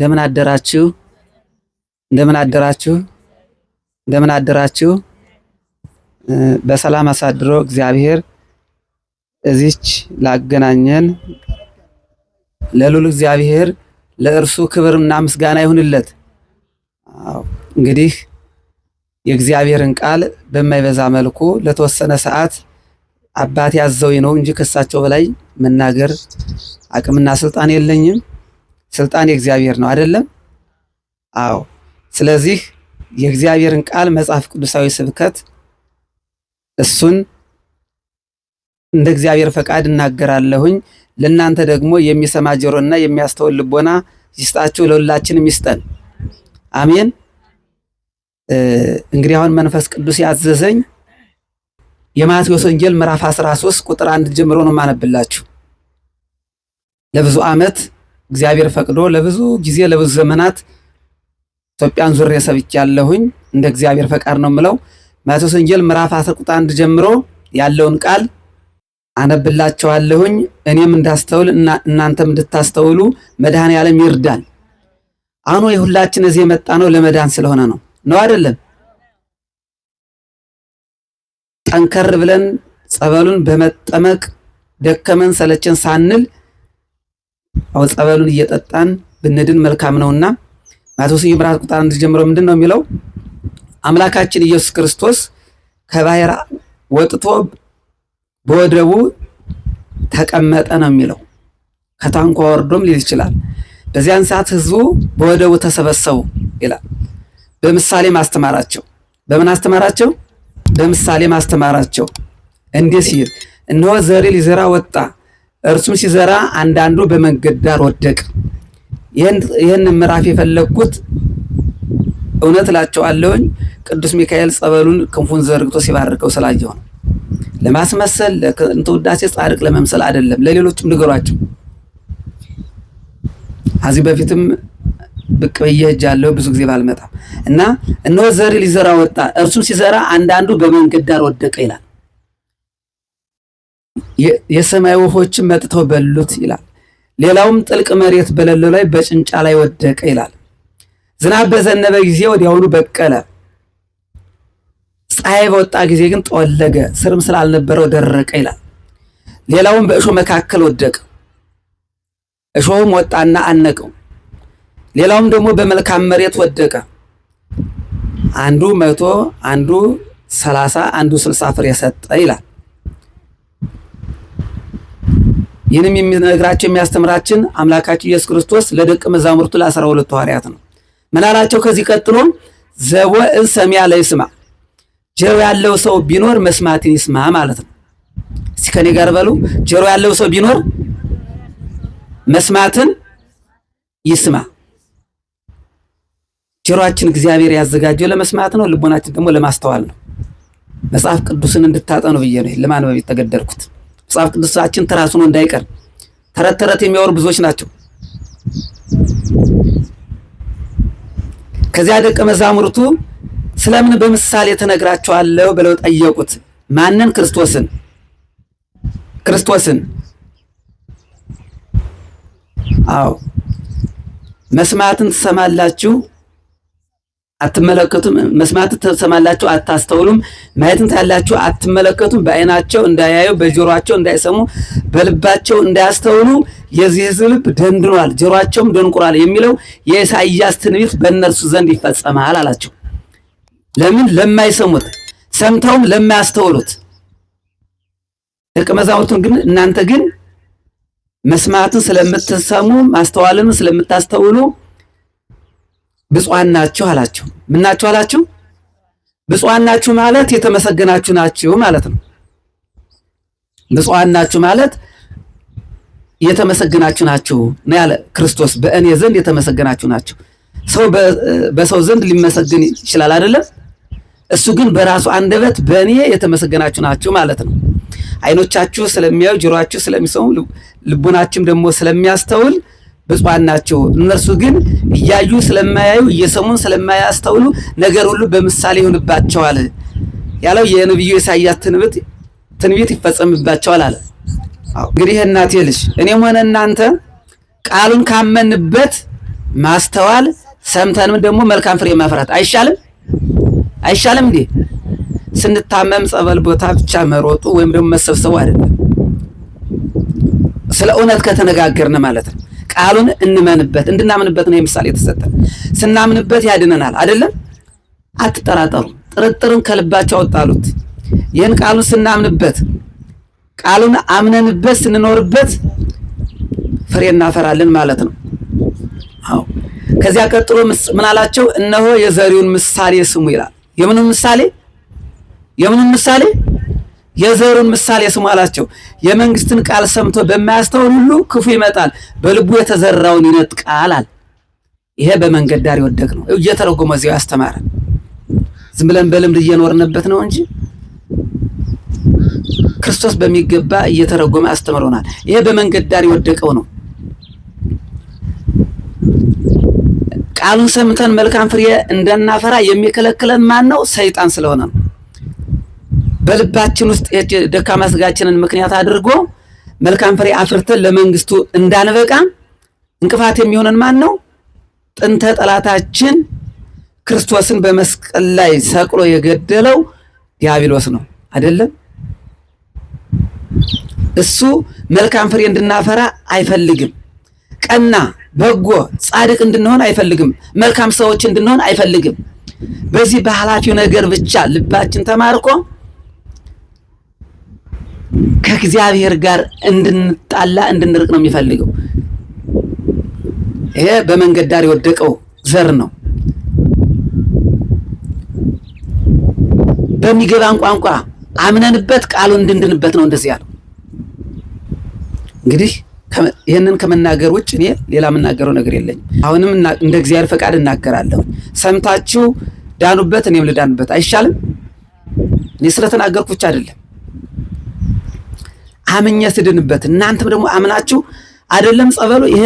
እንደምን አደራችሁ? እንደምን አደራችሁ? እንደምን አደራችሁ? በሰላም አሳድሮ እግዚአብሔር እዚች ላገናኘን ለሉል እግዚአብሔር ለእርሱ ክብርና ምስጋና ይሁንለት። እንግዲህ የእግዚአብሔርን ቃል በማይበዛ መልኩ ለተወሰነ ሰዓት አባት ያዘው ነው እንጂ ከሳቸው በላይ መናገር አቅምና ስልጣን የለኝም። ስልጣን የእግዚአብሔር ነው አይደለም? አዎ። ስለዚህ የእግዚአብሔርን ቃል መጽሐፍ ቅዱሳዊ ስብከት እሱን እንደ እግዚአብሔር ፈቃድ እናገራለሁኝ። ለእናንተ ደግሞ የሚሰማ ጆሮና የሚያስተውል ልቦና ይስጣችሁ፣ ለሁላችንም ይስጠን። አሜን። እንግዲህ አሁን መንፈስ ቅዱስ ያዘዘኝ የማቴዎስ ወንጌል ምዕራፍ 13 ቁጥር አንድ ጀምሮ ነው ማነብላችሁ ለብዙ ዓመት እግዚአብሔር ፈቅዶ ለብዙ ጊዜ ለብዙ ዘመናት ኢትዮጵያን ዙሬ ሰብቻለሁኝ። እንደ እግዚአብሔር ፈቃድ ነው የምለው። ማቴዎስ ወንጌል ምዕራፍ 10 ቁጥር 1 ጀምሮ ያለውን ቃል አነብላቸዋለሁኝ እኔም እንዳስተውል እናንተም እንድታስተውሉ መድኃኔ ያለም ይርዳል። አሁን የሁላችን እዚህ የመጣ ነው ለመዳን ስለሆነ ነው ነው አይደለም? ጠንከር ብለን ጸበሉን በመጠመቅ ደከመን ሰለችን ሳንል አሁን ጸበሉን እየጠጣን ብንድን መልካም ነውና ማቴዎስ ምዕራፍ ቁጥር አንድ ጀምሮ ምንድን ነው የሚለው? አምላካችን ኢየሱስ ክርስቶስ ከባህር ወጥቶ በወደቡ ተቀመጠ ነው የሚለው። ከታንኳ ወርዶም ሊል ይችላል። በዚያን ሰዓት ህዝቡ በወደቡ ተሰበሰቡ ይላል። በምሳሌ ማስተማራቸው በምን አስተማራቸው? በምሳሌ ማስተማራቸው እንዲህ ሲል እነሆ ዘሪ ሊዘራ ወጣ እርሱም ሲዘራ አንዳንዱ በመንገድ ዳር ወደቀ። ይህን ምዕራፍ የፈለግኩት እውነት እላቸዋለሁኝ ቅዱስ ሚካኤል ጸበሉን ክንፉን ዘርግቶ ሲባርከው ስላየው ነው። ለማስመሰል ለከንቱ ውዳሴ ጻድቅ ለመምሰል አይደለም። ለሌሎችም ንገሯቸው። ከዚህ በፊትም ብቅ ብዬ ሄጃለሁ። ብዙ ጊዜ ባልመጣም እና እነሆ ዘሪ ሊዘራ ወጣ። እርሱም ሲዘራ አንዳንዱ በመንገድ ዳር ወደቀ ይላል። የሰማይ ወፎችን መጥተው በሉት ይላል። ሌላውም ጥልቅ መሬት በሌለው ላይ በጭንጫ ላይ ወደቀ ይላል። ዝናብ በዘነበ ጊዜ ወዲያውኑ በቀለ፣ ፀሐይ በወጣ ጊዜ ግን ጠወለገ፣ ስርም ስላልነበረው ደረቀ ይላል። ሌላውም በእሾህ መካከል ወደቀ፣ እሾሁም ወጣና አነቀው። ሌላውም ደግሞ በመልካም መሬት ወደቀ፣ አንዱ መቶ አንዱ ሰላሳ አንዱ ስልሳ ፍሬ ሰጠ ይላል። ይህንም የሚነግራቸው የሚያስተምራችን አምላካችን ኢየሱስ ክርስቶስ ለደቀ መዛሙርቱ ለአስራ ሁለቱ ሐዋርያት ነው። መላላቸው ከዚህ ቀጥሎ ዘወ እሰሚያ ለይስማ ጆሮ ያለው ሰው ቢኖር መስማትን ይስማ ማለት ነው። እስቲ ከኔ ጋር በሉ። ጆሮ ያለው ሰው ቢኖር መስማትን ይስማ። ጆሮአችን እግዚአብሔር ያዘጋጀው ለመስማት ነው። ልቦናችን ደግሞ ለማስተዋል ነው። መጽሐፍ ቅዱስን እንድታጠኑ ብዬ ነው ለማንበብ የተገደድኩት። መጽሐፍ ቅዱሳችን ተራሱ ነው እንዳይቀር ተረት ተረት የሚያወሩ ብዙዎች ናቸው። ከዚያ ደቀ መዛሙርቱ ስለምን በምሳሌ ተነግራቸዋለሁ ብለው ጠየቁት። ማንን? ክርስቶስን ክርስቶስን። አዎ መስማትን ትሰማላችሁ አትመለከቱም፣ መስማት ተሰማላችሁ አታስተውሉም፣ ማየትን ታያላችሁ፣ አትመለከቱም። በአይናቸው እንዳያዩ፣ በጆሮቸው እንዳይሰሙ፣ በልባቸው እንዳያስተውሉ የዚህ ሕዝብ ልብ ደንድኗል፣ ጆሮአቸውም ደንቁራል የሚለው የኢሳይያስ ትንቢት በእነርሱ ዘንድ ይፈጸማል አላቸው። ለምን ለማይሰሙት ሰምተውም ለማያስተውሉት። ደቀ መዛሙርቱን ግን እናንተ ግን መስማትን ስለምትሰሙ ማስተዋልን ስለምታስተውሉ ብፁዓን ናችሁ አላችሁ። ምን ናችሁ አላችሁ? ብፁዓን ናችሁ ማለት የተመሰገናችሁ ናችሁ ማለት ነው። ብፁዓን ናችሁ ማለት የተመሰገናችሁ ናችሁ ነው ያለ ክርስቶስ። በእኔ ዘንድ የተመሰገናችሁ ናችሁ። ሰው በሰው ዘንድ ሊመሰገን ይችላል አይደለም? እሱ ግን በራሱ አንደበት በእኔ የተመሰገናችሁ ናችሁ ማለት ነው። አይኖቻችሁ ስለሚያዩ፣ ጆሮአችሁ ስለሚሰሙ፣ ልቡናችሁም ደግሞ ስለሚያስተውል ብፁዓን ናቸው። እነርሱ ግን እያዩ ስለማያዩ እየሰሙን ስለማያስተውሉ ነገር ሁሉ በምሳሌ ይሆንባቸዋል ያለው የነቢዩ ኢሳይያስ ትንቢት ትንቢት ይፈጸምባቸዋል አለ። እንግዲህ እናቴ ልጅ እኔም ሆነ እናንተ ቃሉን ካመንበት ማስተዋል ሰምተንም ደግሞ መልካም ፍሬ ማፍራት አይሻልም? አይሻልም እንዴ? ስንታመም ጸበል ቦታ ብቻ መሮጡ ወይም ደግሞ መሰብሰቡ አይደለም። ስለ እውነት ከተነጋገርን ማለት ነው። ቃሉን እንመንበት፣ እንድናምንበት ነው ምሳሌ የተሰጠ። ስናምንበት ያድነናል አይደለም? አትጠራጠሩ፣ ጥርጥርን ከልባቸው አወጣሉት። ይህን ቃሉን ስናምንበት፣ ቃሉን አምነንበት ስንኖርበት ፍሬ እናፈራለን ማለት ነው። አዎ። ከዚያ ቀጥሎ ምን አላቸው? እነሆ የዘሪውን ምሳሌ ስሙ ይላል። የምኑን ምሳሌ? የምኑን ምሳሌ የዘሩን ምሳሌ ስሙ አላቸው። የመንግስትን ቃል ሰምቶ በማያስተውል ሁሉ ክፉ ይመጣል፣ በልቡ የተዘራውን ይነጥቃል አለ። ይሄ በመንገድ ዳር ይወደቅ ነው እየተረጎመ እዚያው ያስተማረ። ዝም ብለን በልምድ እየኖርንበት ነው እንጂ ክርስቶስ በሚገባ እየተረጎመ አስተምሮናል። ይሄ በመንገድ ዳር የወደቀው ነው። ቃሉን ሰምተን መልካም ፍሬ እንዳናፈራ የሚከለክለን ማን ነው? ሰይጣን ስለሆነ ነው። በልባችን ውስጥ ደካማ ስጋችንን ምክንያት አድርጎ መልካም ፍሬ አፍርተን ለመንግስቱ እንዳንበቃ እንቅፋት የሚሆነን ማን ነው? ጥንተ ጠላታችን ክርስቶስን በመስቀል ላይ ሰቅሎ የገደለው ዲያብሎስ ነው አይደለም? እሱ መልካም ፍሬ እንድናፈራ አይፈልግም። ቀና፣ በጎ፣ ጻድቅ እንድንሆን አይፈልግም። መልካም ሰዎች እንድንሆን አይፈልግም። በዚህ በኃላፊው ነገር ብቻ ልባችን ተማርኮ ከእግዚአብሔር ጋር እንድንጣላ እንድንርቅ ነው የሚፈልገው። ይሄ በመንገድ ዳር የወደቀው ዘር ነው። በሚገባን ቋንቋ አምነንበት ቃሉ እንድንድንበት ነው እንደዚህ ያለው። እንግዲህ ይህንን ከመናገር ውጭ እኔ ሌላ የምናገረው ነገር የለኝም። አሁንም እንደ እግዚአብሔር ፈቃድ እናገራለሁ። ሰምታችሁ ዳኑበት፣ እኔም ልዳንበት አይሻልም? እኔ ስለተናገርኩ ብቻ አይደለም አምኜ ስድንበት እናንተም ደግሞ አምናችሁ አይደለም ጸበሉ ይሄ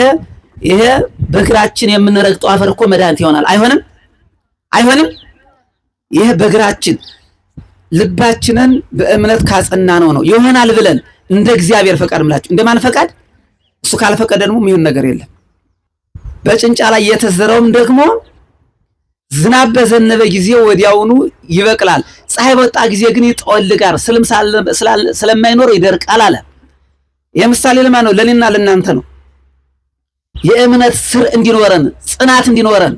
ይሄ በእግራችን የምንረግጠው አፈር እኮ መድኃኒት ይሆናል። አይሆንም አይሆንም። ይሄ በእግራችን ልባችንን በእምነት ካጸና ነው ነው ይሆናል ብለን እንደ እግዚአብሔር ፈቃድ ምላችሁ እንደማን ፈቃድ? እሱ ካልፈቀደ ደግሞ የሚሆን ነገር የለም። በጭንጫ ላይ የተዘረውም ደግሞ ዝናብ በዘነበ ጊዜ ወዲያውኑ ይበቅላል፣ ፀሐይ በወጣ ጊዜ ግን ይጠወልጋል፣ ስልም ስለማይኖር ይደርቃል አለ። ይህ ምሳሌ ለማን ነው? ለእኔና ለእናንተ ነው። የእምነት ስር እንዲኖረን ጽናት እንዲኖረን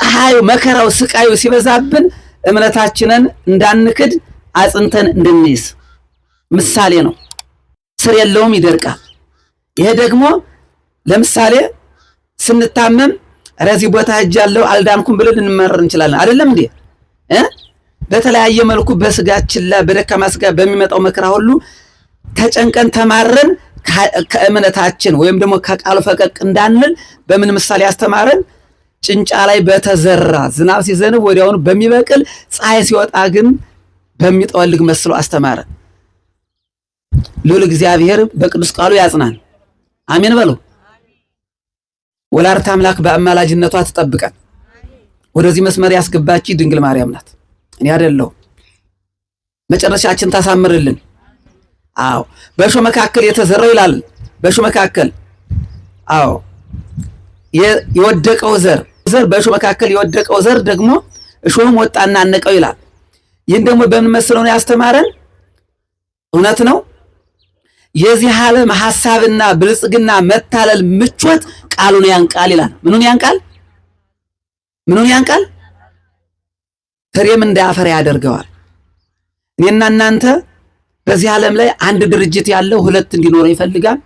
ፀሐዩ፣ መከራው፣ ስቃዩ ሲበዛብን እምነታችንን እንዳንክድ አጽንተን እንድንይዝ ምሳሌ ነው። ስር የለውም፣ ይደርቃል። ይሄ ደግሞ ለምሳሌ ስንታመም ረዚህ ቦታ ያለው አልዳንኩም ብለን እንመረር እንችላለን። አይደለም እንዴ? በተለያየ መልኩ በስጋችን ላይ በደካማ ስጋ በሚመጣው መከራ ሁሉ ተጨንቀን ተማረን ከእምነታችን ወይም ደግሞ ከቃሉ ፈቀቅ እንዳንል በምን ምሳሌ ያስተማረን? ጭንጫ ላይ በተዘራ ዝናብ ሲዘንብ ወዲያውኑ በሚበቅል ፀሐይ ሲወጣ ግን በሚጠወልግ መስሎ አስተማረን። ልዑል እግዚአብሔር በቅዱስ ቃሉ ያጽናን። አሜን በለው። ወላዲተ አምላክ በአማላጅነቷ ትጠብቀን። ወደዚህ መስመር ያስገባች ድንግል ማርያም ናት፣ እኔ አይደለሁም። መጨረሻችን ታሳምርልን። አዎ በእሾ መካከል የተዘራው ይላል። በእሾ መካከል አዎ የወደቀው ዘር ዘር በእሾ መካከል የወደቀው ዘር ደግሞ እሾህም ወጣና አነቀው ይላል። ይህን ደግሞ በምን መስለው ነው ያስተማረን? እውነት ነው የዚህ ዓለም ሐሳብና ብልጽግና መታለል ምቾት ቃሉን ያንቃል ይላል። ምኑን ያንቃል? ምኑን ያንቃል? ፍሬም እንዳያፈራ ያደርገዋል። እኔና እናንተ በዚህ ዓለም ላይ አንድ ድርጅት ያለው ሁለት እንዲኖረው ይፈልጋል።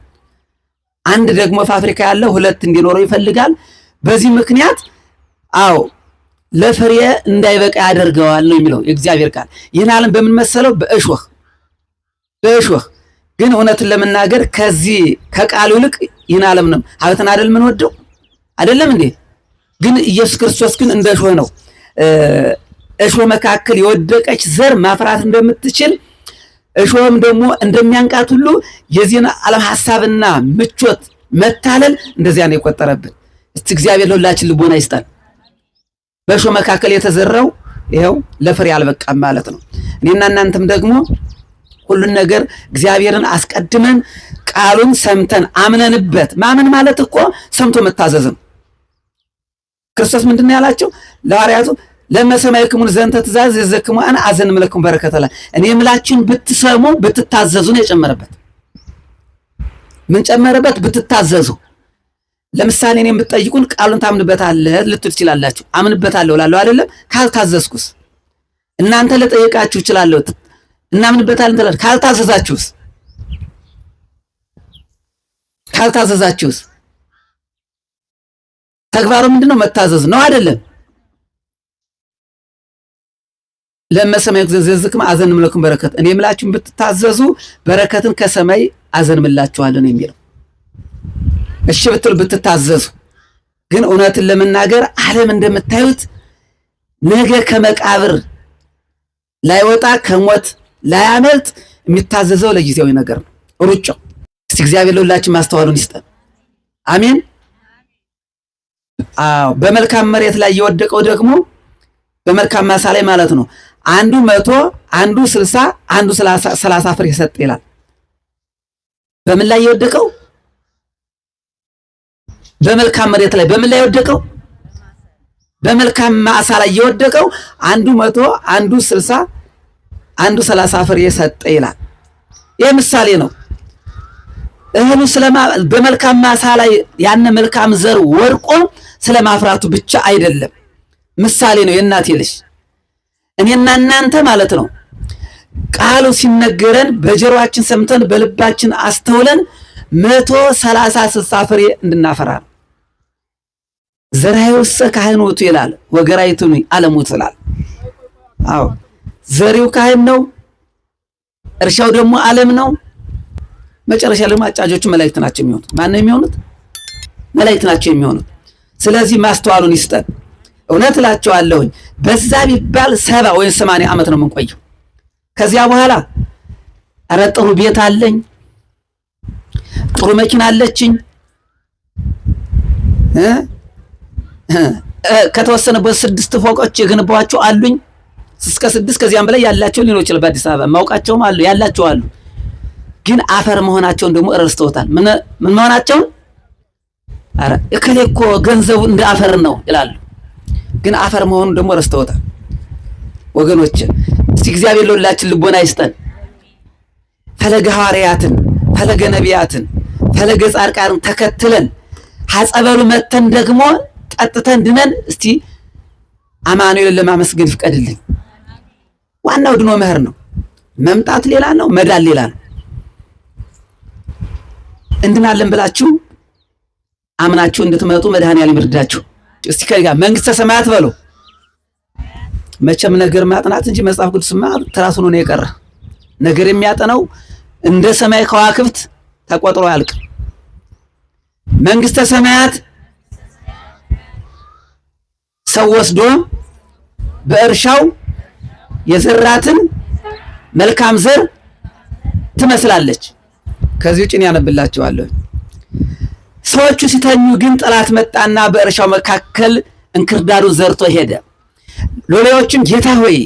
አንድ ደግሞ ፋብሪካ ያለው ሁለት እንዲኖረው ይፈልጋል። በዚህ ምክንያት አዎ ለፍሬ እንዳይበቃ ያደርገዋል ነው የሚለው የእግዚአብሔር ቃል። ይህን ዓለም በምን መሰለው? በእሾህ በእሾህ ግን እውነትን ለመናገር ከዚህ ከቃሉ ይልቅ ይህን ዓለም ነው ሀብትን አይደል ወደው አይደለም እንዴ? ግን ኢየሱስ ክርስቶስ ግን እንደ እሾህ ነው። እሾህ መካከል የወደቀች ዘር ማፍራት እንደምትችል እሾህም ደግሞ እንደሚያንቃት ሁሉ የዚህን ዓለም ሀሳብና ምቾት መታለል እንደዚያ ነው የቆጠረብን። እስቲ እግዚአብሔር ለሁላችን ልቦና ይስጣል። በእሾህ መካከል የተዘራው ይኸው ለፍሬ አልበቃም ማለት ነው። እኔና እናንተም ደግሞ ሁሉን ነገር እግዚአብሔርን አስቀድመን ቃሉን ሰምተን አምነንበት ማመን ማለት እኮ ሰምቶ መታዘዝም። ክርስቶስ ምንድን ነው ያላቸው ለሐዋርያቱ ክሙን ዘንተ ትእዛዝ የዘክሙ አን አዘንምለኩም በረከተ ላይ እኔ ምላችን ብትሰሙ ብትታዘዙ ነው የጨመረበት። ምን ጨመረበት? ብትታዘዙ። ለምሳሌ እኔም ብትጠይቁን ቃሉን ታምንበታለህ ልትል ትችላላችሁ። አምንበታለሁ እላለሁ አይደለም? ካልታዘዝኩስ? እናንተ ለጠየቃችሁ እችላለሁ እናምንበታለን ትላለች። ካልታዘዛችሁስ ካልታዘዛችሁስ ተግባሩ ምንድነው? መታዘዝ ነው አይደለም? ለመሰማይ ዘዝክም አዘን ምለኩም በረከት እኔ ምላችሁን ብትታዘዙ በረከትን ከሰማይ አዘንምላችኋለሁ ነው የሚለው። እሺ ብትሉ ብትታዘዙ ግን እውነትን ለመናገር ዓለም እንደምታዩት ነገ ከመቃብር ላይወጣ ከሞት ላያመልጥ የሚታዘዘው ለጊዜያዊ ነገር ነው ሩጫው። እስቲ እግዚአብሔር ለሁላችን ማስተዋሉን ይስጠን። አሜን። አዎ፣ በመልካም መሬት ላይ የወደቀው ደግሞ በመልካም ማሳ ላይ ማለት ነው። አንዱ መቶ አንዱ ስልሳ አንዱ ሰላሳ ፍሬ ሰጥ ይላል። በምን ላይ የወደቀው? በመልካም መሬት ላይ። በምን ላይ የወደቀው? በመልካም ማሳ ላይ የወደቀው አንዱ መቶ አንዱ ስልሳ አንዱ ሰላሳ ፍሬ ሰጠ ይላል። ይህ ምሳሌ ነው። እህሉ በመልካም ማሳ ላይ ያን መልካም ዘር ወድቆ ስለማፍራቱ ብቻ አይደለም፣ ምሳሌ ነው። የእናቴ ልጅ እኔና እናንተ ማለት ነው ቃሉ ሲነገረን በጀሮአችን ሰምተን በልባችን አስተውለን መቶ ሰላሳ ስልሳ ፍሬ እንድናፈራ ነው። ዘርሃ ካህኖቱ ይላል ወገራይቱኒ አለሙት ይላል። አዎ ዘሬው ካህን ነው፣ እርሻው ደግሞ ዓለም ነው። መጨረሻ ደግሞ አጫጆቹ መላእክት ናቸው የሚሆኑት። ነው የሚሆኑት? መላእክት ናቸው የሚሆኑት። ስለዚህ ማስተዋሉን ይስጠን። እውነት እላቸዋለሁኝ በዛ ቢባል ሰባ ወይም ሰማንያ ዓመት ነው የምንቆየው። ከዚያ በኋላ ኧረ ጥሩ ቤት አለኝ፣ ጥሩ መኪና አለችኝ ከተወሰነ በስድስት ፎቆች የገነባኋቸው አሉኝ እስከ ስድስት ከዚያም በላይ ያላቸው ሊኖር ይችላል። በአዲስ አበባ ማውቃቸውም አሉ ያላቸው አሉ። ግን አፈር መሆናቸውን ደግሞ እረስተውታል። ምን መሆናቸውን አረ እከሌ እኮ ገንዘቡ እንደ አፈር ነው ይላሉ። ግን አፈር መሆኑን ደግሞ እረስተውታል። ወገኖች እስቲ እግዚአብሔር ለሁላችን ልቦና ይስጠን። ፈለገ ሐዋርያትን፣ ፈለገ ነቢያትን፣ ፈለገ ጻድቃንን ተከትለን ሐጸበሉ መተን ደግሞ ጠጥተን ድነን እስቲ አማኑኤልን ለማመስገን ይፍቀድልኝ። ዋናው ድኖ መህር ነው። መምጣት ሌላ ነው፣ መዳን ሌላ ነው። እንድናለን ብላችሁ አምናችሁ እንድትመጡ መድኃኔዓለም ይርዳችሁ። እስቲ ከጋ መንግስተ ሰማያት በሎ መቼም ነገር ማጥናት እንጂ መጽሐፍ ቅዱስማ ተራሱ ነው የቀረ ነገር የሚያጠነው እንደ ሰማይ ከዋክብት ተቆጥሮ ያልቅ። መንግስተ ሰማያት ሰው ወስዶ በእርሻው የዘራትን መልካም ዘር ትመስላለች። ከዚህ ውጭ ያነብላችኋለሁ። ሰዎቹ ሲተኙ ግን ጠላት መጣና በእርሻው መካከል እንክርዳዱን ዘርቶ ሄደ። ሎሌዎቹም ጌታ ሆይ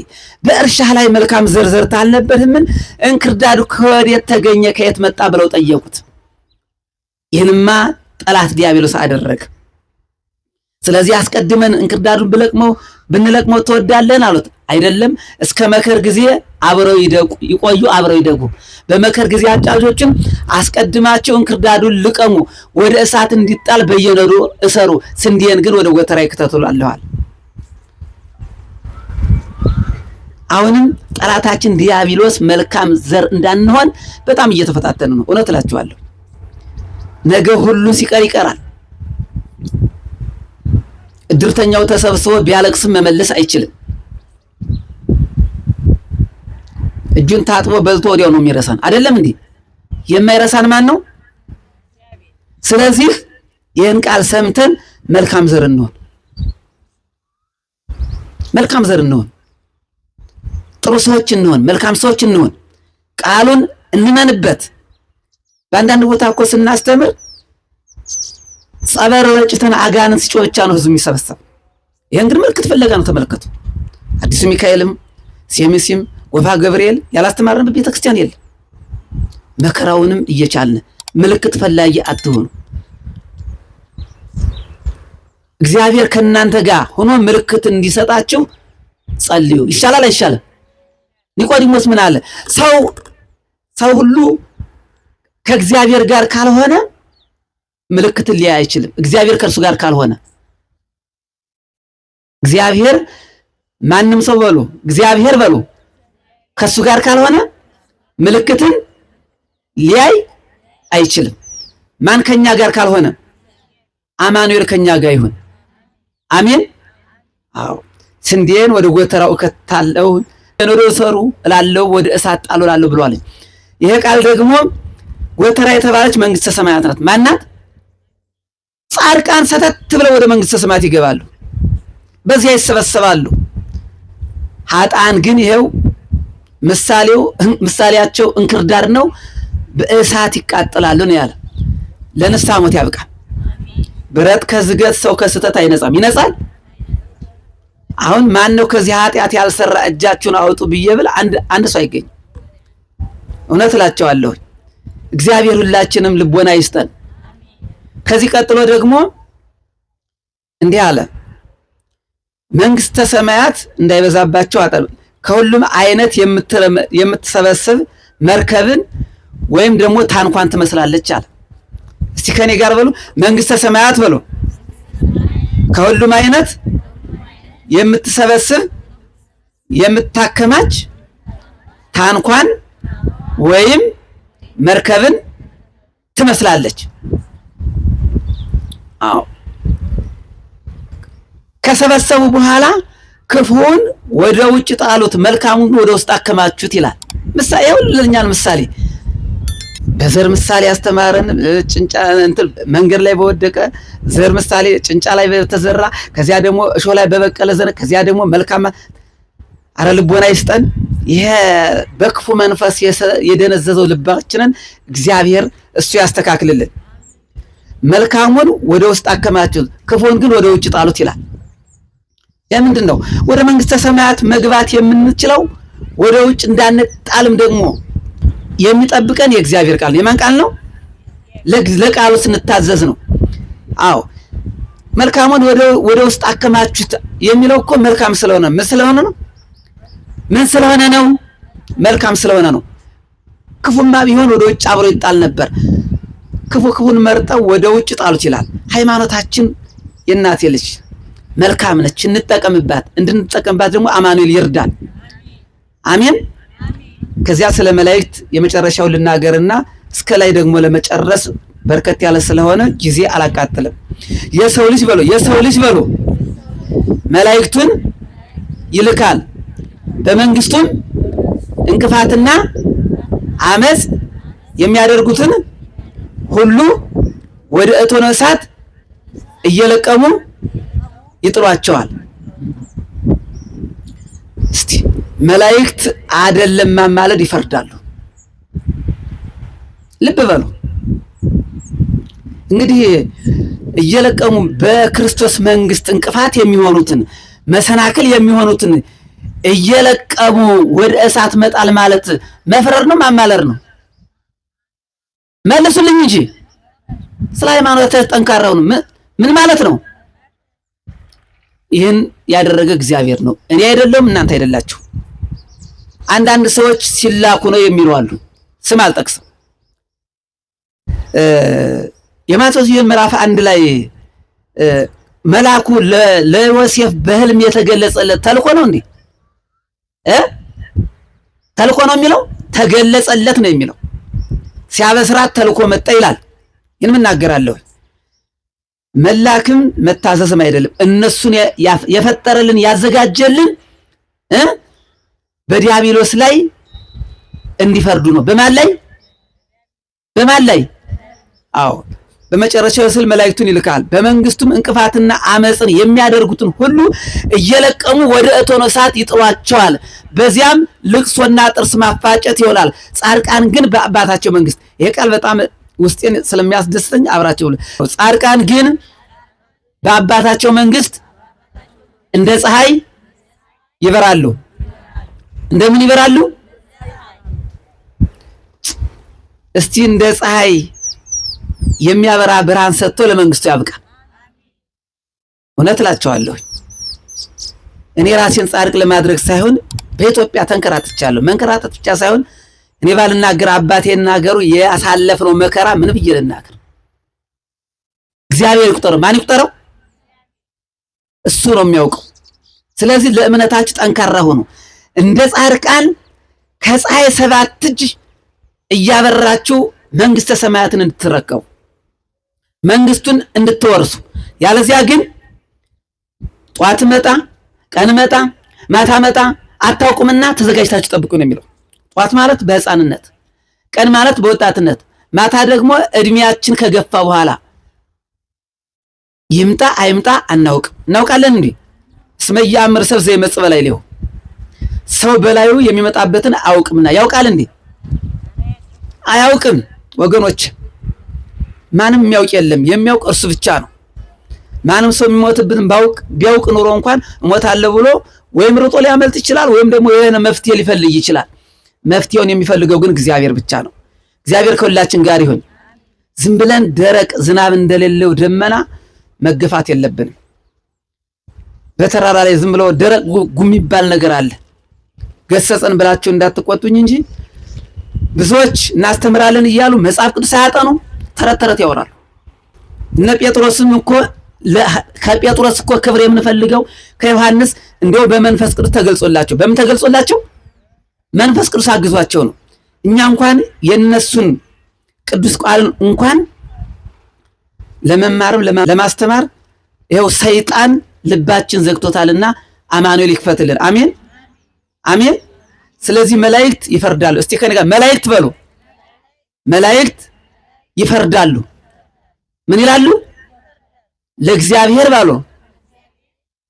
በእርሻህ ላይ መልካም ዘር ዘርተህ አልነበርህምን? እንክርዳዱ ከወዴት ተገኘ? ከየት መጣ? ብለው ጠየቁት። ይህንማ ጠላት ዲያብሎስ አደረግ ስለዚህ አስቀድመን እንክርዳዱን ብለቅመው ብንለቅመው ትወዳለን አሉት። አይደለም እስከ መከር ጊዜ አብረው ይደቁ ይቆዩ፣ አብረው ይደጉ። በመከር ጊዜ አጫጆችም አስቀድማቸው እንክርዳዱን ልቀሙ፣ ወደ እሳት እንዲጣል በየነዱ እሰሩ፣ ስንዴን ግን ወደ ጎተራ ይክተቱ አሁንም ጠላታችን ዲያብሎስ መልካም ዘር እንዳንሆን በጣም እየተፈታተነ ነው። እውነት እላችኋለሁ፣ ነገ ሁሉ ሲቀር ይቀራል። እድርተኛው ተሰብስቦ ቢያለቅስም መመለስ አይችልም። እጁን ታጥቦ በልቶ ወዲያው ነው የሚረሳን። አይደለም እንዴ? የማይረሳን ማን ነው? ስለዚህ ይህን ቃል ሰምተን መልካም ዘር እንሆን፣ መልካም ዘር እንሆን፣ ጥሩ ሰዎች እንሆን፣ መልካም ሰዎች እንሆን። ቃሉን እንመንበት። በአንዳንድ ቦታ እኮ ስናስተምር ጸበር ረጭተን አጋንን ሲጮህ ነው ህዝብ የሚሰበሰብ። ይሄ እንግዲህ ምልክት ፍለጋ ነው። ተመለከቱ። አዲሱ ሚካኤልም ሴሚሲም ወፋ ገብርኤል ያላስተማረን ቤተክርስቲያን የለ መከራውንም እየቻልን ምልክት ፈላጊ አትሆኑ። እግዚአብሔር ከእናንተ ጋር ሆኖ ምልክት እንዲሰጣችሁ ጸልዩ። ይሻላል አይሻልም? ኒቆዲሞስ ምን አለ? ሰው ሰው ሁሉ ከእግዚአብሔር ጋር ካልሆነ ምልክትን ሊያይ አይችልም። እግዚአብሔር ከእርሱ ጋር ካልሆነ እግዚአብሔር ማንም ሰው በሉ እግዚአብሔር በሉ ከእሱ ጋር ካልሆነ ምልክትን ሊያይ አይችልም። ማን ከኛ ጋር ካልሆነ አማኑኤል ከኛ ጋር ይሁን። አሜን። አዎ ስንዴን ወደ ጎተራው እከታለሁ ወደ ሰሩ እላለሁ ወደ እሳት ጣሉ እላለሁ ብሏል። ይሄ ቃል ደግሞ ጎተራ የተባለች መንግስተ ሰማያት ናት። ማናት? ጻድቃን ሰተት ብለው ወደ መንግስት ሰማያት ይገባሉ፣ በዚያ ይሰበሰባሉ። ሀጣን ግን ይሄው ምሳሌው ምሳሌያቸው እንክርዳድ ነው፣ በእሳት ይቃጠላሉ ነው ያለ። ለንስሐ ሞት ያብቃል። ብረት ከዝገት ሰው ከስተት አይነጻም፣ ይነጻል። አሁን ማን ነው ከዚህ ኃጢአት ያልሰራ እጃችሁን አውጡ ብዬ ብል አንድ ሰው አይገኝም። እውነት እላቸዋለሁ። እግዚአብሔር ሁላችንም ልቦና ይስጠን። ከዚህ ቀጥሎ ደግሞ እንዲህ አለ። መንግስተ ሰማያት እንዳይበዛባቸው አጠብ ከሁሉም አይነት የምትሰበስብ መርከብን ወይም ደግሞ ታንኳን ትመስላለች አለ። እስቲ ከኔ ጋር በሉ መንግስተ ሰማያት በሉ። ከሁሉም አይነት የምትሰበስብ የምታከማች ታንኳን ወይም መርከብን ትመስላለች። አዎ ከሰበሰቡ በኋላ ክፉን ወደ ውጭ ጣሉት፣ መልካሙን ወደ ውስጥ አከማቹት ይላል። ምሳሌ ይሁን ለኛን ምሳሌ በዘር ምሳሌ ያስተማረን ጭንጫ እንትን መንገድ ላይ በወደቀ ዘር ምሳሌ፣ ጭንጫ ላይ በተዘራ ከዚያ ደግሞ እሾ ላይ በበቀለ ዘር ከዚያ ደግሞ መልካም አረ ልቦና ይስጠን። ይሄ በክፉ መንፈስ የደነዘዘው ልባችንን እግዚአብሔር እሱ ያስተካክልልን። መልካሙን ወደ ውስጥ አከማቸው፣ ክፉን ግን ወደ ውጭ ጣሉት ይላል። ያ ነው? ወደ መንግስተ ሰማያት መግባት የምንችለው ወደ ውጭ እንዳንጣልም ደግሞ የሚጠብቀን የእግዚአብሔር ቃል ነው። የማን ቃል ነው? ለቃሉ ስንታዘዝ ነው። አዎ መልካሙን ወደ ውስጥ አከማቹት የሚለው እኮ መልካም ስለሆነ ምን ስለሆነ ነው? ምን ስለሆነ ነው? መልካም ስለሆነ ነው። ክፉማ ቢሆን ወደ ውጭ አብሮ ይጣል ነበር። ክፉ ክፉን መርጠው ወደ ውጭ ጣሉት ይላል። ሃይማኖታችን የእናቴ ልጅ መልካም ነች፣ እንጠቀምባት። እንድንጠቀምባት ደግሞ አማኑኤል ይርዳል። አሜን። ከዚያ ስለ መላእክት የመጨረሻው ልናገርና እስከ ላይ ደግሞ ለመጨረስ በርከት ያለ ስለሆነ ጊዜ አላቃጥልም። የሰው ልጅ በሉ የሰው ልጅ በሉ መላእክቱን ይልካል በመንግስቱም እንቅፋትና አመፅ የሚያደርጉትን ሁሉ ወደ እቶነ እሳት እየለቀሙ ይጥሏቸዋል። እስቲ መላእክት አይደለም ማማለድ ይፈርዳሉ። ልብ በሉ እንግዲህ እየለቀሙ በክርስቶስ መንግስት እንቅፋት የሚሆኑትን መሰናክል የሚሆኑትን እየለቀሙ ወደ እሳት መጣል ማለት መፍረር ነው ማማለር ነው። መልሱልኝ እንጂ ስለ ሃይማኖትህ ጠንካራውን ምን ማለት ነው? ይህን ያደረገ እግዚአብሔር ነው፣ እኔ አይደለሁም፣ እናንተ አይደላችሁ። አንዳንድ ሰዎች ሲላኩ ነው የሚሉ አሉ። ስም አልጠቅስም። የማቴዎስ ምዕራፍ አንድ ላይ መልአኩ ለዮሴፍ በህልም የተገለጸለት ተልኮ ነው እንዴ? ተልኮ ነው የሚለው ተገለጸለት ነው የሚለው ሲያበስራት ተልኮ መጣ ይላል። ይህን ምናገራለሁ። መላክም መታዘዝም አይደለም። እነሱን የፈጠረልን ያዘጋጀልን በዲያብሎስ ላይ እንዲፈርዱ ነው። በማን ላይ በማን ላይ? አዎ በመጨረሻው ስል መላእክቱን ይልካል። በመንግስቱም እንቅፋትና አመፅን የሚያደርጉትን ሁሉ እየለቀሙ ወደ እቶነ እሳት ይጥሏቸዋል። በዚያም ልቅሶና ጥርስ ማፋጨት ይሆናል። ጻድቃን ግን በአባታቸው መንግስት። ይሄ ቃል በጣም ውስጤን ስለሚያስደስተኝ አብራቸው። ጻድቃን ግን በአባታቸው መንግስት እንደ ፀሐይ ይበራሉ። እንደምን ይበራሉ? እስቲ እንደ ፀሐይ የሚያበራ ብርሃን ሰጥቶ ለመንግስቱ ያብቃ። እውነት እላቸዋለሁ። እኔ ራሴን ጻድቅ ለማድረግ ሳይሆን በኢትዮጵያ ተንከራትቻለሁ። መንከራተት ብቻ ሳይሆን እኔ ባልናገር አባቴ ይናገሩ ያሳለፍነው መከራ ምን ብዬ ልናገር? እግዚአብሔር ይቁጠረው። ማን ይቁጠረው? እሱ ነው የሚያውቀው። ስለዚህ ለእምነታችሁ ጠንካራ ሆኑ። እንደ ጻድቃን ከፀሐይ ሰባት እጅ እያበራችሁ መንግስተ ሰማያትን እንድትረከቡ መንግስቱን እንድትወርሱ። ያለዚያ ግን ጧት መጣ ቀን መጣ ማታ መጣ አታውቁምና ተዘጋጅታችሁ ጠብቁ ነው የሚለው። ጧት ማለት በህፃንነት፣ ቀን ማለት በወጣትነት፣ ማታ ደግሞ እድሜያችን ከገፋ በኋላ ይምጣ አይምጣ አናውቅም። እናውቃለን እንዴ ስመያ አምር ሰብ ዘይመጽእ ሊሆ ሰው በላዩ የሚመጣበትን አያውቅምና ያውቃል እንዴ? አያውቅም ወገኖች። ማንም የሚያውቅ የለም። የሚያውቅ እርሱ ብቻ ነው። ማንም ሰው የሚሞትብን ባውቅ ቢያውቅ ኑሮ እንኳን እሞታለሁ ብሎ ወይም ርጦ ሊያመልጥ ይችላል፣ ወይም ደግሞ የሆነ መፍትሄ ሊፈልግ ይችላል። መፍትሄውን የሚፈልገው ግን እግዚአብሔር ብቻ ነው። እግዚአብሔር ከሁላችን ጋር ይሁን። ዝም ብለን ደረቅ ዝናብ እንደሌለው ደመና መገፋት የለብንም። በተራራ ላይ ዝም ብሎ ደረቅ ጉም የሚባል ነገር አለ። ገሰጸን ብላችሁ እንዳትቆጡኝ እንጂ ብዙዎች እናስተምራለን እያሉ መጽሐፍ ቅዱስ አያጠኑ ተረት ተረት ያወራል። እነ ጴጥሮስም እኮ ከጴጥሮስ እኮ ክብር የምንፈልገው ከዮሐንስ እንደው በመንፈስ ቅዱስ ተገልጾላቸው፣ በምን ተገልጾላቸው? መንፈስ ቅዱስ አግዟቸው ነው። እኛ እንኳን የነሱን ቅዱስ ቃልን እንኳን ለመማርም ለማስተማር ይኸው ሰይጣን ልባችን ዘግቶታልና አማኑኤል ይክፈትልን። አሜን አሜን። ስለዚህ መላእክት ይፈርዳሉ። እስቲ ከኔ ጋር መላእክት በሉ መላእክት ይፈርዳሉ። ምን ይላሉ? ለእግዚአብሔር ባሉ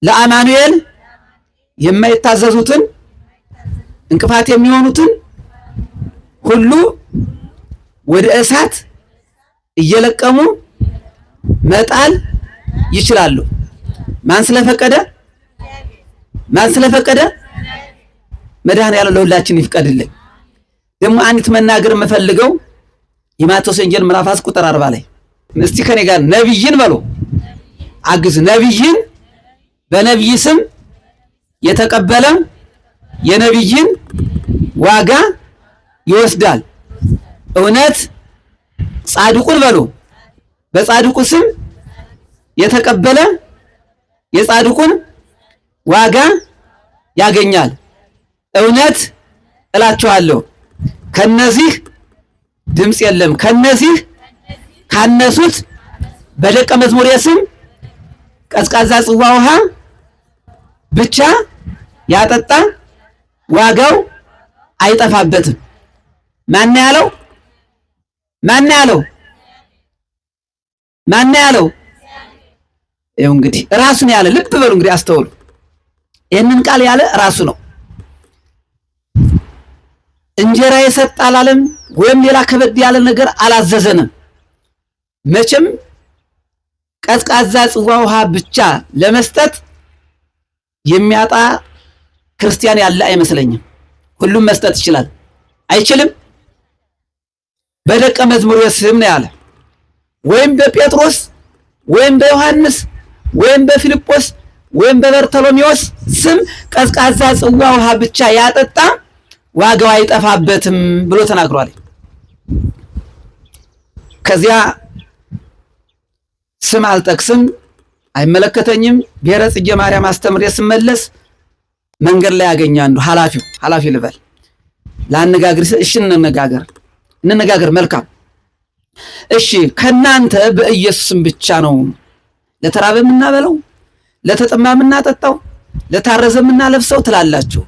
ለአማኑኤል የማይታዘዙትን እንቅፋት የሚሆኑትን ሁሉ ወደ እሳት እየለቀሙ መጣል ይችላሉ። ማን ስለፈቀደ? ማን ስለፈቀደ? መድኃኔ ለሁላችን ይፍቀድልን። ደግሞ አንዲት መናገር የምፈልገው የማቴዎስ ወንጌል ምዕራፍ አምስት ቁጥር አርባ ላይ እስቲ ከኔ ጋር ነቢይን በሉ አግዝ ነቢይን በነቢይ ስም የተቀበለ የነቢይን ዋጋ ይወስዳል። እውነት ጻድቁን በሉ በጻድቁ ስም የተቀበለ የጻድቁን ዋጋ ያገኛል። እውነት እላችኋለሁ ከነዚህ ድምፅ የለም። ከነዚህ ካነሱት በደቀ መዝሙር ስም ቀዝቃዛ ጽዋ ውሃ ብቻ ያጠጣ ዋጋው አይጠፋበትም። ማን ያለው? ማን ያለው? ማን ያለው? ይኸው እንግዲህ ነው ያለ ልብ በሉ እንግዲህ አስተውሉ። ይህንን ቃል ያለ ራሱ ነው። እንጀራ የሰጠ አላለም። ወይም ሌላ ከበድ ያለ ነገር አላዘዘንም። መቼም ቀዝቃዛ ጽዋ ውሃ ብቻ ለመስጠት የሚያጣ ክርስቲያን ያለ አይመስለኝም። ሁሉም መስጠት ይችላል። አይችልም? በደቀ መዝሙር ስም ነው ያለ። ወይም በጴጥሮስ ወይም በዮሐንስ ወይም በፊልጶስ ወይም በበርተሎሜዎስ ስም ቀዝቃዛ ጽዋ ውሃ ብቻ ያጠጣ ዋጋው አይጠፋበትም ብሎ ተናግሯል። ከዚያ ስም አልጠቅስም፣ አይመለከተኝም። ብሔረ ጽጌ ማርያም አስተምሬ ስመለስ መንገድ ላይ ያገኛሉ። አንዱ ኃላፊው ኃላፊው ልበል ለአነጋግር እሺ፣ እንነጋገር እንነጋገር፣ መልካም እሺ፣ ከእናንተ በኢየሱስም ብቻ ነው ለተራበ የምናበለው፣ ለተጠማ የምናጠጣው፣ ለታረዘ የምናለብሰው ትላላችሁ።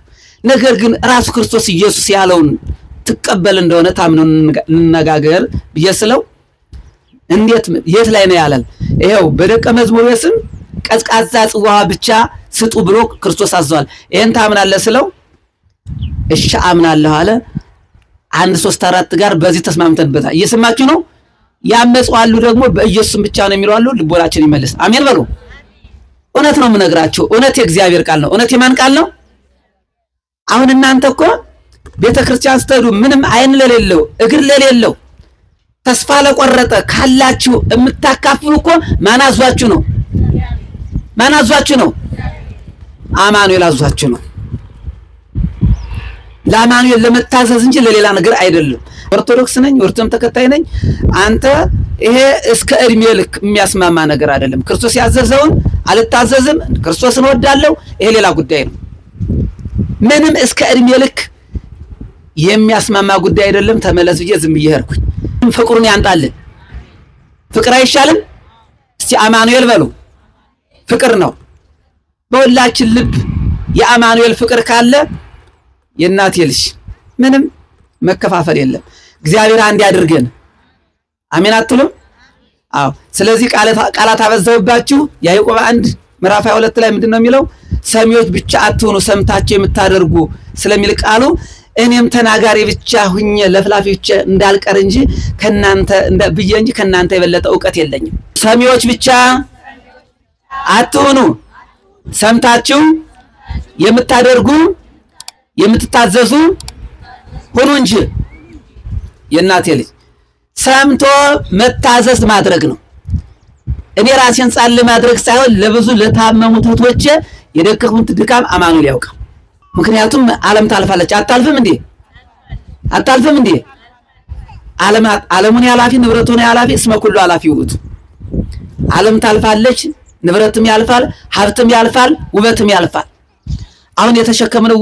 ነገር ግን ራሱ ክርስቶስ ኢየሱስ ያለውን ትቀበል እንደሆነ ታምነው እንነጋገር ብዬ ስለው እንዴት የት ላይ ነው ያለን? ይሄው በደቀ መዝሙር ስም ቀዝቃዛ ጽዋ ብቻ ስጡ ብሎ ክርስቶስ አዘዋል። ይሄን ታምናለህ ስለው እሺ አምናለሁ አለ። አንድ ሶስት አራት ጋር በዚህ ተስማምተንበታል። እየሰማችሁ ነው። ያመጹ አሉ ደግሞ በኢየሱስም ብቻ ነው የሚሉ አሉ። ልቦናችን ይመለስ። አሜን በሉ። እውነት ነው የምነግራችሁ። እውነት የእግዚአብሔር ቃል ነው። እውነት የማን ቃል ነው? አሁን እናንተ እኮ ቤተ ክርስቲያን ስትሄዱ ምንም አይን ለሌለው እግር ለሌለው ተስፋ ለቆረጠ ካላችሁ የምታካፍሉ እኮ ማናዟችሁ ነው። ማናዟችሁ ነው። አማኑኤል አዟችሁ ነው። ለአማኑኤል ለመታዘዝ እንጂ ለሌላ ነገር አይደለም። ኦርቶዶክስ ነኝ፣ ኦርቶም ተከታይ ነኝ። አንተ ይሄ እስከ እድሜ ልክ የሚያስማማ ነገር አይደለም። ክርስቶስ ያዘዘውን አልታዘዝም፣ ክርስቶስን እወዳለሁ፣ ይሄ ሌላ ጉዳይ ነው። ምንም እስከ እድሜ ልክ የሚያስማማ ጉዳይ አይደለም። ተመለስ ብዬ ዝም ብዬ ሄድኩኝ። ፍቅሩን ያንጣልን። ፍቅር አይሻልም? እስቲ አማኑኤል በሉ። ፍቅር ነው። በሁላችን ልብ የአማኑኤል ፍቅር ካለ የእናቴ ልጅ ምንም መከፋፈል የለም። እግዚአብሔር አንድ ያድርገን። አሜን አትሉም? አዎ። ስለዚህ ቃላት አበዛውባችሁ። ያዕቆብ አንድ ምዕራፍ 22 ላይ ምንድን ነው የሚለው? ሰሚዎች ብቻ አትሆኑ፣ ሰምታችሁ የምታደርጉ ስለሚል ቃሉ እኔም ተናጋሪ ብቻ ሁኜ ለፍላፊ ብቻ እንዳልቀር እንጂ ከናንተ ብዬ እንጂ ከናንተ የበለጠ እውቀት የለኝም። ሰሚዎች ብቻ አትሁኑ፣ ሰምታችሁ የምታደርጉ የምትታዘዙ ሁኑ እንጂ። የእናቴ ልጅ ሰምቶ መታዘዝ ማድረግ ነው። እኔ ራሴን ጻል ማድረግ ሳይሆን ለብዙ ለታመሙት እህቶቼ የደከሙት ድካም አማኑ ያውቃል። ምክንያቱም ዓለም ታልፋለች። አታልፍም እንዴ? አታልፍም እንዴ? ዓለማት ዓለሙን ያላፊ ንብረቱን ያላፊ እስመ ኩሉ አላፊ ዓለም ታልፋለች፣ ንብረትም ያልፋል፣ ሀብትም ያልፋል፣ ውበትም ያልፋል። አሁን የተሸከምነው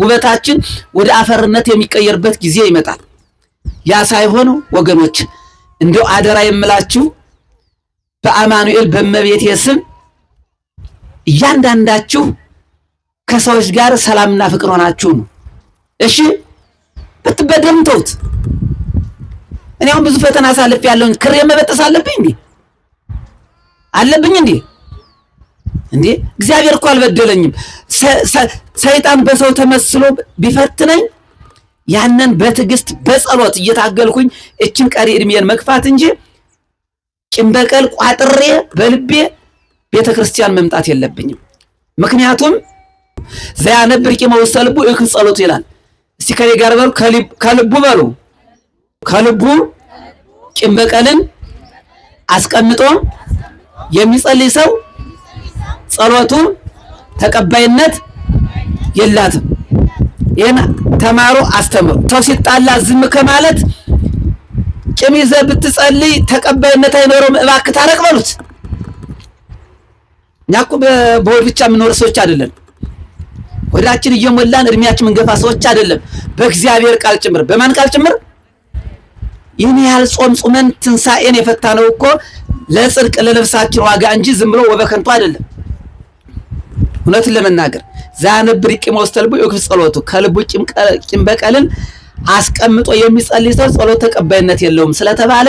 ውበታችን ወደ አፈርነት የሚቀየርበት ጊዜ ይመጣል። ያ ሳይሆን ወገኖች እንደው አደራ የምላችሁ በአማኑኤል በእመቤቴ ስም እያንዳንዳችሁ ከሰዎች ጋር ሰላምና ፍቅር ሆናችሁ ነው። እሺ ብትበደልም ተውት። እኔ አሁን ብዙ ፈተና አሳልፍ ያለውን ክር የመበጠስ አለብኝ እንዴ? አለብኝ እንዴ? እንዴ እግዚአብሔር እኮ አልበደለኝም። ሰይጣን በሰው ተመስሎ ቢፈትነኝ ያንን በትዕግስት በጸሎት እየታገልኩኝ እችን ቀሪ እድሜን መግፋት እንጂ ቂም በቀል ቋጥሬ በልቤ ቤተክርስቲያን መምጣት የለብኝም። ምክንያቱም ዘያነብር ቂመ ውስተ ልቡ እክ ጸሎቱ ይላል። እስቲ ከኔ ጋር በሉ ከልቡ በሉ ከልቡ ቂም በቀልን አስቀምጦ የሚጸልይ ሰው ጸሎቱ ተቀባይነት የላትም። ይህን ተማሩ፣ አስተምሩ። ሰው ሲጣላ ዝም ከማለት ቂም ይዘ ብትጸልይ ተቀባይነት አይኖረውም። እባክህ ታረቅ በሉት። እኛ እኮ ብቻ የምንኖር ሰዎች አይደለን። ወዳችን እየሞላን እድሜያችን መንገፋ ሰዎች አይደለም። በእግዚአብሔር ቃል ጭምር በማን ቃል ጭምር ይህን ያህል ጾም ጾመን ትንሣኤን የፈታ ነው እኮ ለጽድቅ ለነፍሳችን ዋጋ እንጂ ዝም ብሎ ወበከንቱ አይደለም። እውነትን ለመናገር ዛነብር ቂሞስ ተልቦ የክፍ ጸሎቱ ከልቡ ቂም በቀልን አስቀምጦ የሚጸልይ ሰው ጸሎት ተቀባይነት የለውም ስለተባለ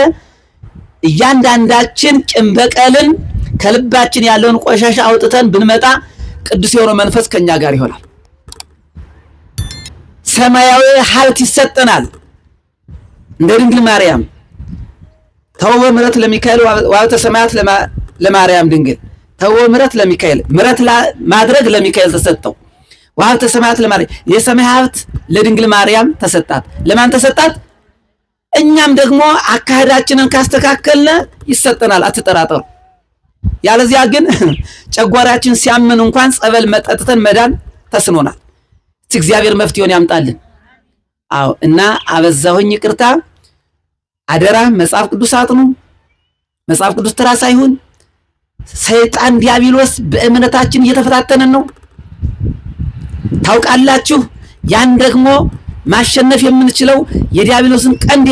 እያንዳንዳችን ቂም በቀልን ከልባችን ያለውን ቆሻሻ አውጥተን ብንመጣ ቅዱስ የሆነ መንፈስ ከኛ ጋር ይሆናል። ሰማያዊ ሀብት ይሰጠናል። እንደ ድንግል ማርያም ተውቦ ምረት ለሚካኤል ዋብተ ሰማያት ለማርያም ድንግል ተውቦ ምረት ለሚካኤል ምረት ማድረግ ለሚካኤል ተሰጠው። ዋብተ ሰማያት ለማርያም የሰማይ ሀብት ለድንግል ማርያም ተሰጣት። ለማን ተሰጣት? እኛም ደግሞ አካሄዳችንን ካስተካከለ ይሰጠናል። አትጠራጠሩ። ያለዚያ ግን ጨጓራችን ሲያምን እንኳን ጸበል መጠጥተን መዳን ተስኖናል። እግዚአብሔር መፍትሄውን ያምጣልን። አዎ እና አበዛሁኝ ይቅርታ። አደራ መጽሐፍ ቅዱስ አጥኑ። መጽሐፍ ቅዱስ ትራስ ሳይሆን ሰይጣን ዲያብሎስ በእምነታችን እየተፈታተነን ነው ታውቃላችሁ። ያን ደግሞ ማሸነፍ የምንችለው የዲያብሎስን ቀንድ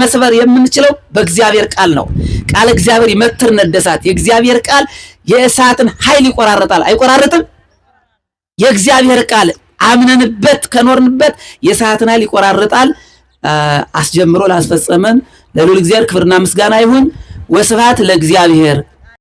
መስበር የምንችለው በእግዚአብሔር ቃል ነው። ቃል እግዚአብሔር ይመትር ነደሳት የእግዚአብሔር ቃል የእሳትን ኃይል ይቆራረጣል። አይቆራረጥም? የእግዚአብሔር ቃል አምነንበት ከኖርንበት የሰዓትን ኃይል ይቆራርጣል። አስጀምሮ ላስፈጸመን ለልዑል እግዚአብሔር ክብርና ምስጋና ይሁን። ወስብሐት ለእግዚአብሔር።